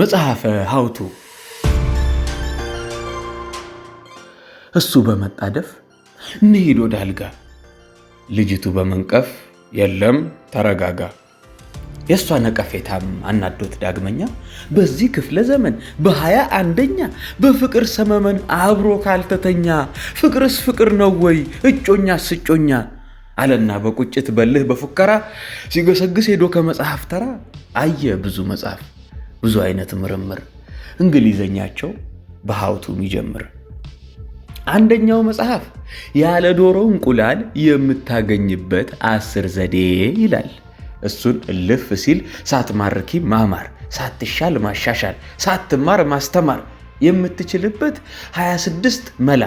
መጽሐፈ ሀውቱ እሱ በመጣደፍ እንሂድ ወደ አልጋ፣ ልጅቱ በመንቀፍ የለም ተረጋጋ። የእሷ ነቀፌታም አናዶት ዳግመኛ በዚህ ክፍለ ዘመን በሀያ አንደኛ በፍቅር ሰመመን አብሮ ካልተተኛ ፍቅርስ ፍቅር ነው ወይ እጮኛስ እጮኛ አለና በቁጭት በልህ በፉከራ ሲገሰግስ ሄዶ ከመጽሐፍ ተራ አየ ብዙ መጽሐፍ ብዙ አይነት ምርምር እንግሊዘኛቸው በሀውቱ ይጀምር። አንደኛው መጽሐፍ ያለ ዶሮ እንቁላል የምታገኝበት አስር ዘዴ ይላል። እሱን እልፍ ሲል ሳትማርኪ ማማር፣ ሳትሻል ማሻሻል፣ ሳትማር ማስተማር የምትችልበት 26 መላ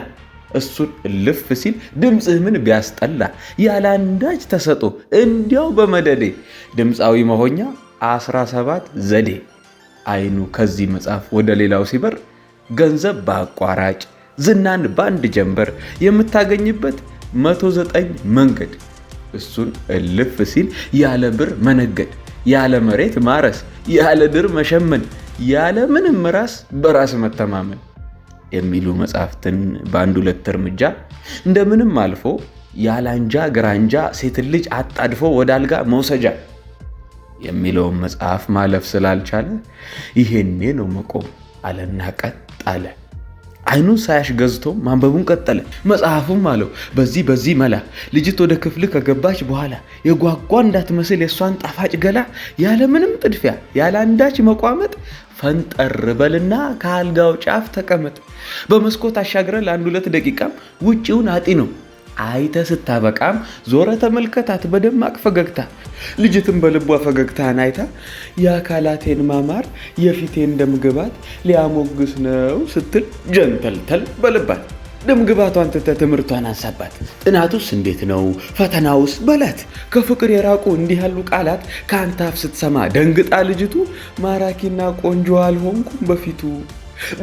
እሱን እልፍ ሲል ድምፅህ ምን ቢያስጠላ ያለ አንዳች ተሰጦ እንዲያው በመደዴ ድምፃዊ መሆኛ 17 ዘዴ አይኑ ከዚህ መጽሐፍ ወደ ሌላው ሲበር ገንዘብ በአቋራጭ ዝናን በአንድ ጀንበር የምታገኝበት 109 መንገድ እሱን እልፍ ሲል ያለ ብር መነገድ፣ ያለ መሬት ማረስ፣ ያለ ድር መሸመን፣ ያለ ምንም ራስ በራስ መተማመን የሚሉ መጽሐፍትን በአንድ ሁለት እርምጃ እንደምንም አልፎ አንጃ ግራንጃ ሴትን ልጅ አጣድፎ ወደ አልጋ መውሰጃ የሚለውን መጽሐፍ ማለፍ ስላልቻለ ይሄኔ ነው መቆም አለና ቀጥ አለ። አይኑ ሳያሽ ገዝቶ ማንበቡን ቀጠለ። መጽሐፉም አለው በዚህ በዚህ መላ ልጅት ወደ ክፍል ከገባች በኋላ የጓጓ እንዳትመስል የእሷን ጣፋጭ ገላ ያለ ምንም ጥድፊያ ያለ አንዳች መቋመጥ ፈንጠር በልና ከአልጋው ጫፍ ተቀመጥ። በመስኮት አሻግረ ለአንድ ሁለት ደቂቃም ውጪውን አጢ ነው አይተ ስታበቃም ዞረ ተመልከታት በደማቅ ፈገግታ። ልጅትም በልቧ ፈገግታን አይታ የአካላቴን ማማር የፊቴን ደምግባት ሊያሞግስ ነው ስትል ጀንተልተል በልባት ደምግባቷን ትተ ትምህርቷን አንሳባት። ጥናቱስ እንዴት ነው ፈተናውስ በላት። ከፍቅር የራቁ እንዲህ ያሉ ቃላት ከአንተ አፍ ስትሰማ ደንግጣ ልጅቱ ማራኪና ቆንጆ አልሆንኩም በፊቱ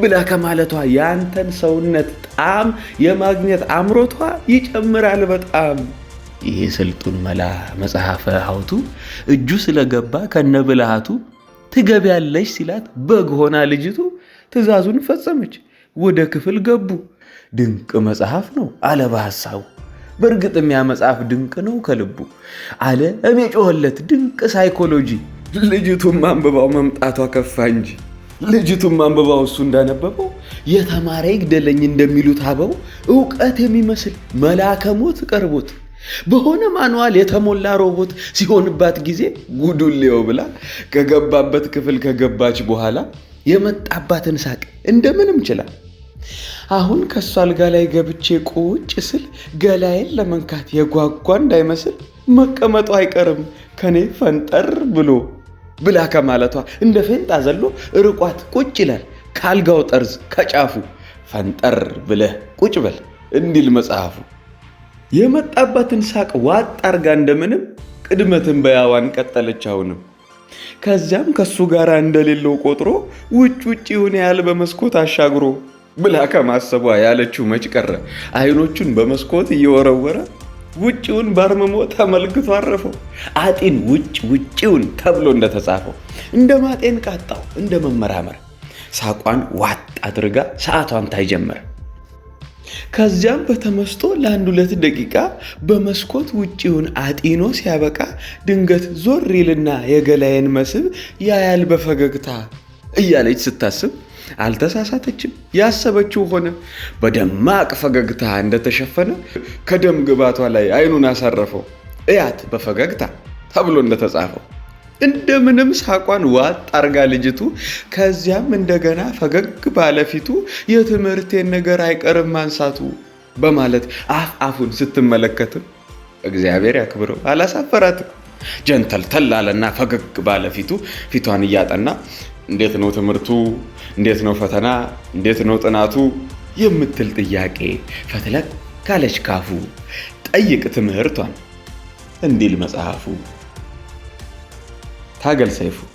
ብላ ከማለቷ ያንተን ሰውነት ጣም የማግኘት አምሮቷ ይጨምራል በጣም። ይሄ ስልጡን መላ መጽሐፈ ሀውቱ እጁ ስለገባ ከነ ብልሃቱ ትገቢያለሽ ሲላት በግ ሆና ልጅቱ ትእዛዙን ፈጸመች። ወደ ክፍል ገቡ። ድንቅ መጽሐፍ ነው አለ በሐሳቡ። በእርግጥም ያ መጽሐፍ ድንቅ ነው ከልቡ አለ እሜ ጮኸለት ድንቅ ሳይኮሎጂ። ልጅቱም አንብባው መምጣቷ ከፋ እንጂ ልጅቱም አንብባው እሱ እንዳነበበው የተማረ ይግደለኝ እንደሚሉት አበው እውቀት የሚመስል መላከሞት ቀርቦት በሆነ ማንዋል የተሞላ ሮቦት ሲሆንባት ጊዜ ጉዱሌው ብላ ከገባበት ክፍል ከገባች በኋላ የመጣባትን ሳቅ እንደምንም ችላል። አሁን ከእሱ አልጋ ላይ ገብቼ ቁጭ ስል ገላዬን ለመንካት የጓጓ እንዳይመስል መቀመጡ አይቀርም ከኔ ፈንጠር ብሎ ብላ ከማለቷ እንደ ፌንጣ ዘሎ ርቋት ቁጭ ይላል። ካልጋው ጠርዝ ከጫፉ ፈንጠር ብለህ ቁጭ በል እንዲል መጽሐፉ። የመጣባትን ሳቅ ዋጥ አርጋ እንደምንም ቅድመ ትንበያዋን ቀጠለች አሁንም። ከዚያም ከሱ ጋር እንደሌለው ቆጥሮ ውጭ ውጭ የሆነ ያህል በመስኮት አሻግሮ ብላ ከማሰቧ ያለችው መች ቀረ። አይኖቹን በመስኮት እየወረወረ ውጭውን በርምሞ ተመልክቶ አረፈው። አጢን ውጭ ውጭውን ተብሎ እንደተጻፈው እንደ ማጤን ቃጣው እንደ መመራመር ሳቋን ዋጥ አድርጋ ሰዓቷን ታይጀመር። ከዚያም በተመስጦ ለአንድ ሁለት ደቂቃ በመስኮት ውጭውን አጢኖ ሲያበቃ ድንገት ዞር ይልና የገላዬን መስህብ ያያል በፈገግታ እያለች ስታስብ አልተሳሳተችም። ያሰበችው ሆነ። በደማቅ ፈገግታ እንደተሸፈነ ከደም ግባቷ ላይ አይኑን አሳረፈው። እያት በፈገግታ ተብሎ እንደተጻፈው እንደምንም ሳቋን ዋጥ አርጋ ልጅቱ ከዚያም እንደገና ፈገግ ባለፊቱ የትምህርቴን ነገር አይቀርም ማንሳቱ በማለት አፍ አፉን ስትመለከትም እግዚአብሔር ያክብረው አላሳፈራትም። ጀንተል ተላለና ፈገግ ባለፊቱ ፊቷን እያጠና እንዴት ነው ትምህርቱ፣ እንዴት ነው ፈተና፣ እንዴት ነው ጥናቱ የምትል ጥያቄ ፈትለቅ ካለች ካፉ ጠይቅ ትምህርቷን እንዲል መጽሐፉ። ታገል ሰይፉ